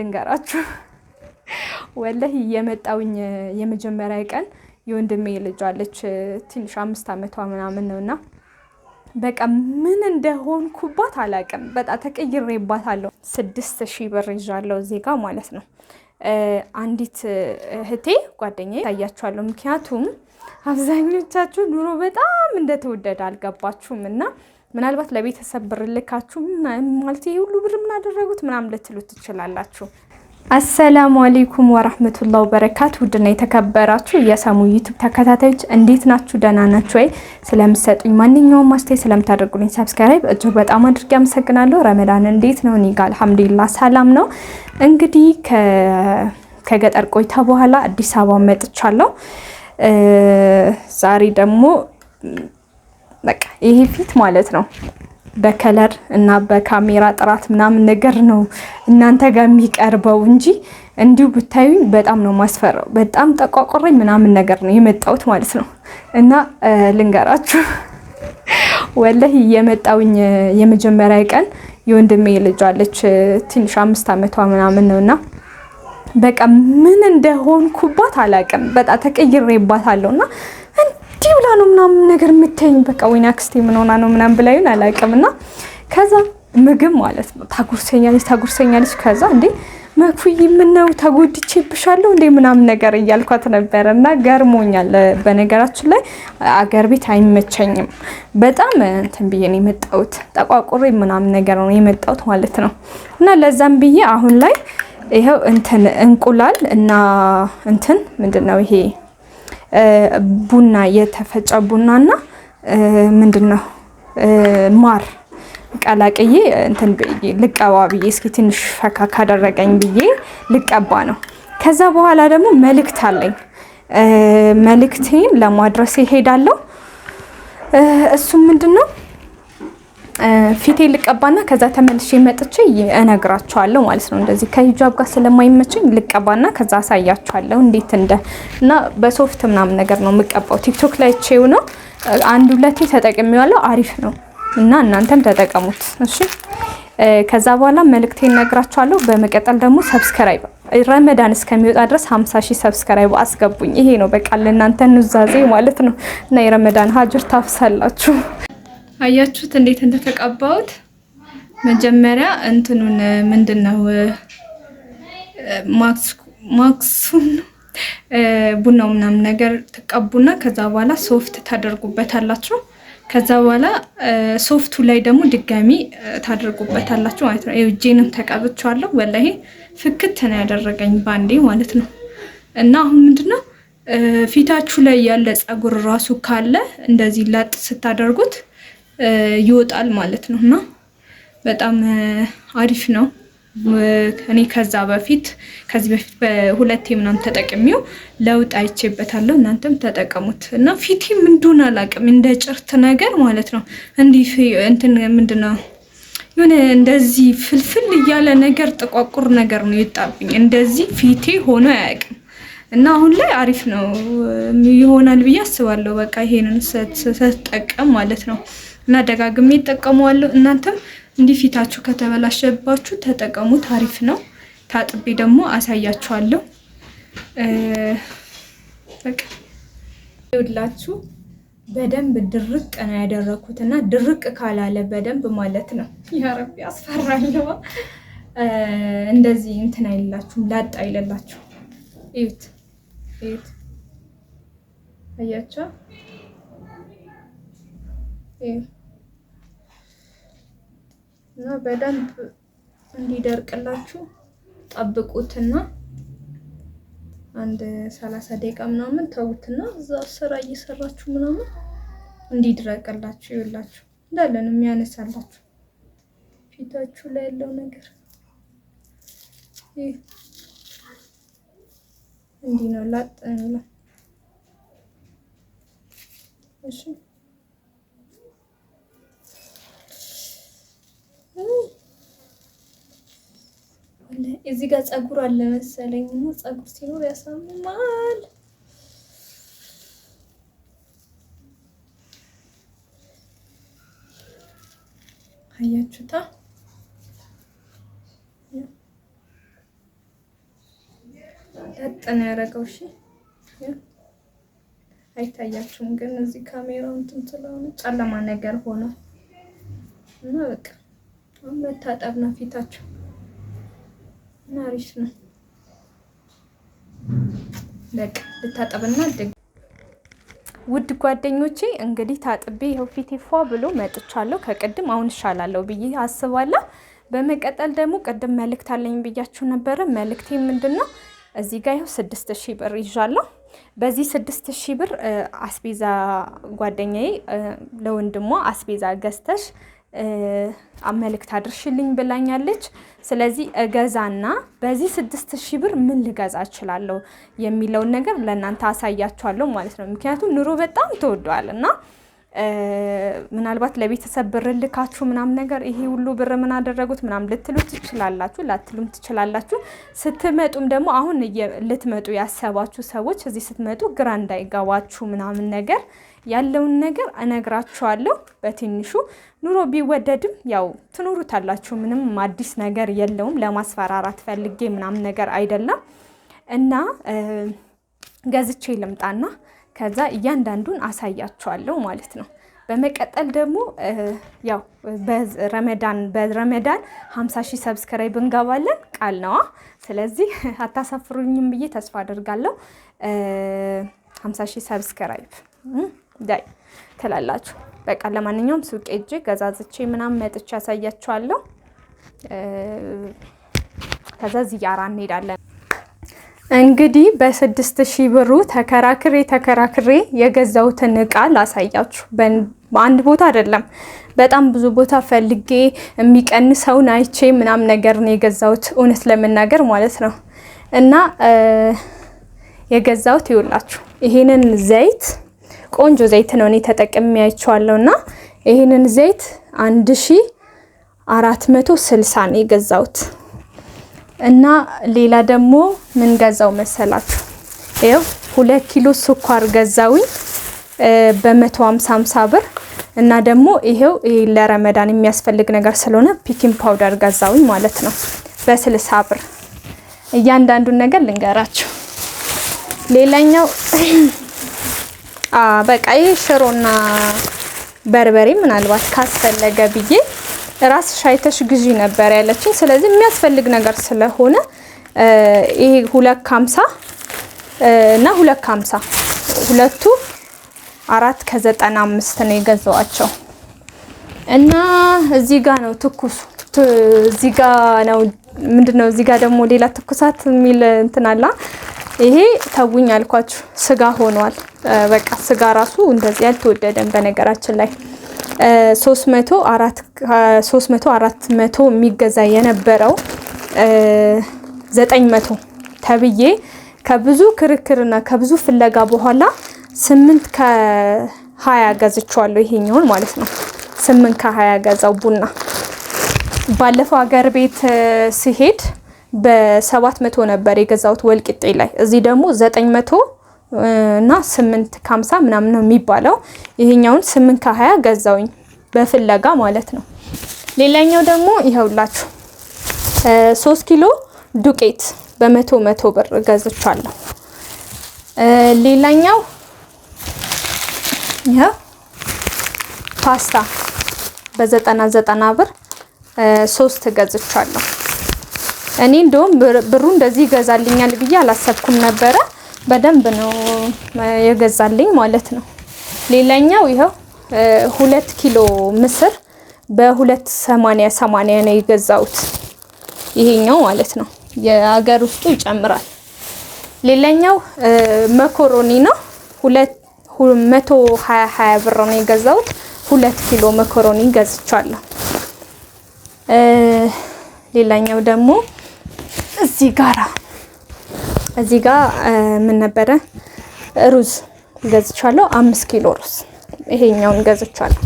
ልንገራችሁ ወላሂ የመጣውኝ የመጀመሪያ ቀን የወንድሜ ልጅ አለች ትንሽ አምስት ዓመቷ ምናምን ነው እና በቃ ምን እንደሆንኩባት አላውቅም። በጣም ተቀይሬባታለሁ። ስድስት ሺህ ብር ይዣለሁ እዚህ ጋር ማለት ነው። አንዲት እህቴ ጓደኛዬ ታያችኋለሁ። ምክንያቱም አብዛኞቻችሁ ኑሮ በጣም እንደተወደደ አልገባችሁም እና ምናልባት ለቤተሰብ ብር ልካችሁ ማለት ይሄ ሁሉ ብር ምናደረጉት ምናምን ልትሉት ትችላላችሁ። አሰላሙ አሌይኩም ወራህመቱላ ወበረካቱ። ውድና የተከበራችሁ የሰሙ ዩቱብ ተከታታዮች እንዴት ናችሁ? ደህና ናችሁ ወይ? ስለምሰጡኝ ማንኛውም አስተያየት ስለምታደርጉልኝ ሰብስክራይብ እጅግ በጣም አድርጌ አመሰግናለሁ። ረመዳን እንዴት ነው? እኔ ጋ ሰላም ነው። እንግዲህ ከገጠር ቆይታ በኋላ አዲስ አበባ መጥቻለሁ። ዛሬ ደግሞ በቃ ይሄ ፊት ማለት ነው በከለር እና በካሜራ ጥራት ምናምን ነገር ነው እናንተ ጋር የሚቀርበው እንጂ እንዲሁ ብታዩኝ በጣም ነው ማስፈራው። በጣም ጠቋቆረኝ ምናምን ነገር ነው የመጣሁት ማለት ነው። እና ልንገራችሁ ወላሂ የመጣውኝ የመጀመሪያ ቀን የወንድሜ ልጅ አለች ትንሽ አምስት ዓመቷ ምናምን ነው እና በቃ ምን እንደሆንኩባት አላውቅም። በጣም ተቀይሬባታለሁ እና እንዲህ ብላ ነው ምናምን ነገር የምትይኝ በቃ ወይኔ አክስቴ ምን ሆና ነው ምናምን ብላ ይሁን አላውቅም። እና ከዛ ምግብ ማለት ነው ታጉርሰኛለች፣ ታጉርሰኛለች። ከዛ እንዴ መኩይ ምነው ተጎድቼብሻለሁ እንዴ ምናምን ነገር እያልኳት ነበረ እና ገርሞኛል። በነገራችን ላይ አገር ቤት አይመቸኝም በጣም እንትን ብዬ ነው የመጣሁት፣ ጠቋቁሬ ምናምን ነገር ነው የመጣሁት ማለት ነው። እና ለዛም ብዬ አሁን ላይ ይኸው እንትን እንቁላል እና እንትን ምንድን ነው ይሄ ቡና የተፈጨ ቡናና ምንድን ነው ማር ቀላቅዬ እንትን ልቀባ ብዬ እስኪ ትንሽ ፈካ ካደረገኝ ብዬ ልቀባ ነው። ከዛ በኋላ ደግሞ መልእክት አለኝ። መልእክቴን ለማድረስ ይሄዳለሁ። እሱም ምንድን ነው ፊቴ ልቀባና ከዛ ተመልሼ መጥቼ እነግራቸዋለሁ ማለት ነው። እንደዚህ ከሂጃብ ጋር ስለማይመቸኝ ልቀባና ከዛ አሳያችኋለሁ እንዴት እንደ እና በሶፍት ምናምን ነገር ነው የምቀባው። ቲክቶክ ላይ ቼው ነው አንድ ሁለቴ ተጠቅሜዋለሁ። አሪፍ ነው እና እናንተም ተጠቀሙት እሺ። ከዛ በኋላ መልእክቴን እነግራችኋለሁ። በመቀጠል ደግሞ ሰብስክራይብ ረመዳን እስከሚወጣ ድረስ 50 ሺህ ሰብስክራይብ አስገቡኝ። ይሄ ነው በቃ ለእናንተ ኑዛዜ ማለት ነው እና የረመዳን ሀጅር ታፍሳላችሁ። አያችሁት እንዴት እንደተቀባሁት። መጀመሪያ እንትኑን ምንድነው ማክስ ማክሱን ቡናው ምናምን ነገር ትቀቡና ከዛ በኋላ ሶፍት ታደርጉበታላችሁ። ከዛ በኋላ ሶፍቱ ላይ ደግሞ ድጋሚ ታደርጉበታላችሁ ማለት ነው። እጄንም ተቀብቼዋለሁ። ወላሂ ፍክት ነው ያደረገኝ ባንዴ ማለት ነው። እና አሁን ምንድነው ፊታችሁ ላይ ያለ ፀጉር ራሱ ካለ እንደዚህ ላጥ ስታደርጉት ይወጣል ማለት ነው እና በጣም አሪፍ ነው። እኔ ከዛ በፊት ከዚህ በፊት በሁለቴ ምናምን ተጠቅሚው ለውጥ አይቼበታለሁ። እናንተም ተጠቀሙት እና ፊቴም እንደሆነ አላውቅም እንደ ጭርት ነገር ማለት ነው እንዲህ እንትን ምንድን ነው የሆነ እንደዚህ ፍልፍል እያለ ነገር ጥቋቁር ነገር ነው ይጣብኝ። እንደዚህ ፊቴ ሆኖ አያውቅም እና አሁን ላይ አሪፍ ነው ይሆናል ብዬ አስባለሁ። በቃ ይሄንን ስትጠቀም ማለት ነው እና ደጋግሜ እጠቀመዋለሁ። እናንተም እንዲህ ፊታችሁ ከተበላሸባችሁ ተጠቀሙት፣ አሪፍ ነው። ታጥቤ ደግሞ አሳያችኋለሁ። በቃ ይኸውላችሁ በደንብ ድርቅ ነው ያደረኩት እና ድርቅ ካላለ በደንብ ማለት ነው ያረቢ አስፈራለዋ። እንደዚህ እንትን አይላችሁም፣ ላጥ አይለላችሁ። እዩት እዩት፣ እና በደንብ እንዲደርቅላችሁ ጠብቁትና አንድ ሰላሳ ደቂቃ ምናምን ተውትና እዛ ስራ እየሰራችሁ ምናምን እንዲድረቅላችሁ ይውላችሁ እንዳለን የሚያነሳላችሁ ፊታችሁ ላይ ያለው ነገር እንዲህ ነው ላጥ እሺ እዚህ ጋር ፀጉር አለ መሰለኝ እና ፀጉር ሲኖር ያሳምማል። አያችሁታ? ያጠነ ያደረገው እሺ፣ አይታያችሁም፣ ግን እዚህ ካሜራው እንትን ስለሆነ ጨለማ ነገር ሆኗል እና በቃ መታጠብ ነው ፊታቸው ነው። በቃ ልታጠብና ውድ ጓደኞቼ እንግዲህ ታጥቤ ይኸው ፊቴ ፏ ብሎ መጥቻለሁ። ከቅድም አሁን እሻላለሁ ብዬ አስባለሁ። በመቀጠል ደግሞ ቅድም መልእክት አለኝ ብያችሁ ነበረ። መልእክቴ ምንድን ነው? እዚህ ጋር ይኸው ስድስት ሺህ ብር ይዣለሁ። በዚህ ስድስት ሺህ ብር አስቤዛ ጓደኛዬ ለወንድሟ አስቤዛ ገዝተሽ አመልክት አድርሽልኝ ብላኛለች። ስለዚህ እገዛና በዚህ ስድስት ሺህ ብር ምን ልገዛ እችላለሁ የሚለውን ነገር ለእናንተ አሳያችኋለሁ ማለት ነው። ምክንያቱም ኑሮ በጣም ተወዷል እና ምናልባት ለቤተሰብ ብር ልካችሁ ምናምን ነገር ይሄ ሁሉ ብር ምን አደረጉት ምናምን ልትሉ ትችላላችሁ፣ ላትሉም ትችላላችሁ። ስትመጡም ደግሞ አሁን ልትመጡ ያሰባችሁ ሰዎች እዚህ ስትመጡ ግራ እንዳይገባችሁ ምናምን ነገር ያለውን ነገር እነግራችኋለሁ። በትንሹ ኑሮ ቢወደድም ያው ትኖሩታላችሁ። ምንም አዲስ ነገር የለውም። ለማስፈራራት ፈልጌ ምናምን ነገር አይደለም እና ገዝቼ ልምጣና ከዛ እያንዳንዱን አሳያችኋለሁ ማለት ነው። በመቀጠል ደግሞ ያው በረመዳን በረመዳን 50 ሺህ ሰብስክራይብ እንገባለን ቃል ነዋ። ስለዚህ አታሳፍሩኝም ብዬ ተስፋ አደርጋለሁ። 50 ሺህ ሰብስክራይብ ዳይ ትላላችሁ። በቃ ለማንኛውም ሱቅ እጅ ገዛዝቼ ምናምን መጥቼ ያሳያችኋለሁ። ከዛ ዚያራ እንሄዳለን። እንግዲህ በስድስት ሺህ ብሩ ተከራክሬ ተከራክሬ የገዛሁትን እቃ ላሳያችሁ። አንድ ቦታ አይደለም፣ በጣም ብዙ ቦታ ፈልጌ የሚቀንሰውን አይቼ ምናም ነገር ነው የገዛሁት፣ እውነት ለመናገር ማለት ነው። እና የገዛሁት ይውላችሁ፣ ይሄንን ዘይት ቆንጆ ዘይት ነው እኔ ተጠቅሜ አይቼዋለሁ። እና ይሄንን ዘይት አንድ ሺህ አራት መቶ ስልሳ ነው የገዛሁት። እና ሌላ ደግሞ ምን ገዛው መሰላችሁ? ይኸው ሁለት ኪሎ ስኳር ገዛውኝ በ150 ብር እና ደግሞ ይሄው ለረመዳን የሚያስፈልግ ነገር ስለሆነ ፒኪን ፓውደር ገዛውኝ ማለት ነው በ60 ብር። እያንዳንዱን ነገር ልንገራችሁ። ሌላኛው በቃ ይህ ሽሮና በርበሬ ምናልባት ካስፈለገ ብዬ ራስሽ አይተሽ ግዢ ነበር ያለችኝ። ስለዚህ የሚያስፈልግ ነገር ስለሆነ ይሄ ሁለት ከሀምሳ እና ሁለት ከሀምሳ ሁለቱ አራት ከዘጠና አምስት ነው የገዛዋቸው እና እዚህ ጋር ነው ትኩሱ እዚህ ጋር ነው ምንድን ነው እዚህ ጋር ደግሞ ሌላ ትኩሳት የሚል እንትን አለ። ይሄ ተውኝ አልኳችሁ ስጋ ሆኗል። በቃ ስጋ ራሱ እንደዚህ አልተወደደም በነገራችን ላይ ሶስት መቶ አራት መቶ የሚገዛ የነበረው ዘጠኝ መቶ ተብዬ ከብዙ ክርክርና ከብዙ ፍለጋ በኋላ ስምንት ከሀያ ገዝቼዋለሁ። ይሄኛውን ማለት ነው። ስምንት ከሀያ ገዛው ቡና ባለፈው ሀገር ቤት ሲሄድ በሰባት መቶ ነበር የገዛሁት ወልቂጤ ላይ። እዚህ ደግሞ ዘጠኝ መቶ እና ስምንት ከሀምሳ ምናምን ነው የሚባለው። ይሄኛውን ስምንት ከሀያ ገዛውኝ በፍለጋ ማለት ነው። ሌላኛው ደግሞ ይኸውላችሁ ሶስት ኪሎ ዱቄት በመቶ መቶ ብር ገዝቻለሁ። ሌላኛው ይኸው ፓስታ በዘጠና ዘጠና ብር ሶስት ገዝቻለሁ። እኔ እንደውም ብሩ እንደዚህ ይገዛልኛል ብዬ አላሰብኩም ነበረ። በደንብ ነው የገዛልኝ ማለት ነው። ሌላኛው ይኸው ሁለት ኪሎ ምስር በሁለት ሰማንያ ሰማንያ ነው የገዛሁት። ይሄኛው ማለት ነው የሀገር ውስጡ ይጨምራል። ሌላኛው መኮሮኒ ነው ሁለት መቶ ሀያ ሀያ ብር ነው የገዛሁት። ሁለት ኪሎ መኮሮኒ ገዝቻለሁ። ሌላኛው ደግሞ እዚህ ጋራ እዚህ ጋር ምን ነበረ ሩዝ ገዝቻለሁ፣ አምስት ኪሎ ሩዝ ይሄኛውን ገዝቻለሁ።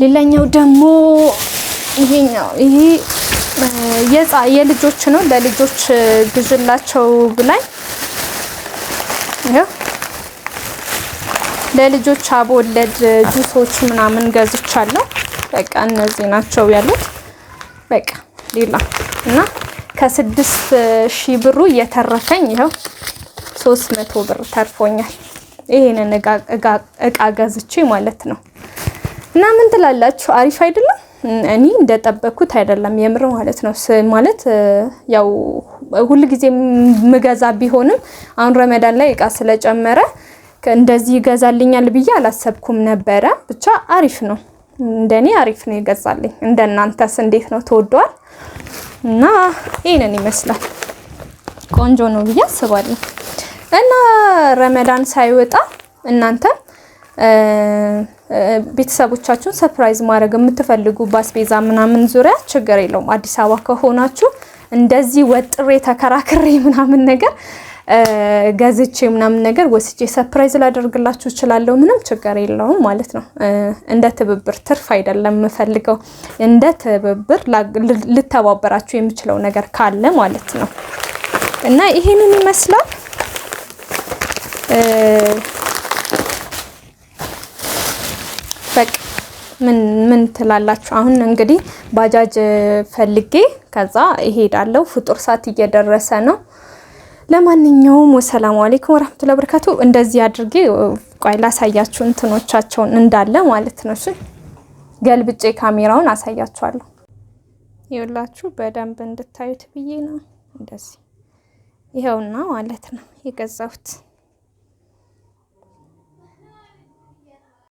ሌላኛው ደግሞ ይሄኛው ይሄ የልጆች ነው። ለልጆች ግዝላቸው ብላኝ ለልጆች አቦለድ ጁሶች ምናምን ገዝቻለሁ። በቃ እነዚህ ናቸው ያሉት። በቃ ሌላ እና ከስድስት ሺህ ብሩ እየተረፈኝ ይኸው ሶስት መቶ ብር ተርፎኛል። ይሄንን እቃ ገዝቼ ማለት ነው። እና ምን ትላላችሁ? አሪፍ አይደለም? እኔ እንደጠበኩት አይደለም የምር ማለት ነው። ማለት ያው ሁል ጊዜ ምገዛ ቢሆንም አሁን ረመዳን ላይ እቃ ስለጨመረ እንደዚህ ይገዛልኛል ብዬ አላሰብኩም ነበረ። ብቻ አሪፍ ነው፣ እንደኔ አሪፍ ነው ይገዛልኝ። እንደናንተስ እንዴት ነው? ተወዷል? እና ይሄንን ይመስላል። ቆንጆ ነው ብዬ አስባለሁ። እና ረመዳን ሳይወጣ እናንተ ቤተሰቦቻችሁን ሰፕራይዝ ማድረግ የምትፈልጉ ባስቤዛ ምናምን ዙሪያ ችግር የለውም። አዲስ አበባ ከሆናችሁ እንደዚህ ወጥሬ ተከራክሬ ምናምን ነገር ገዝቼ ምናምን ነገር ወስጄ ሰፕራይዝ ላደርግላችሁ እችላለሁ። ምንም ችግር የለውም ማለት ነው። እንደ ትብብር ትርፍ አይደለም የምፈልገው፣ እንደ ትብብር ልተባበራችሁ የምችለው ነገር ካለ ማለት ነው። እና ይሄንን ይመስላል። በቃ ምን ምን ትላላችሁ? አሁን እንግዲህ ባጃጅ ፈልጌ ከዛ እሄዳለሁ። ፍጡር ሰዓት እየደረሰ ነው። ለማንኛውም ወሰላሙ አሌይኩም ወረህመቱላሂ ወበረካቱ። እንደዚህ አድርጌ ቆይ ላሳያችሁ እንትኖቻቸውን እንዳለ ማለት ነው። እሺ ገልብጬ ካሜራውን አሳያችኋለሁ። ይኸውላችሁ በደንብ እንድታዩት ብዬ ነው። እንደዚህ ይኸውና ማለት ነው የገዛሁት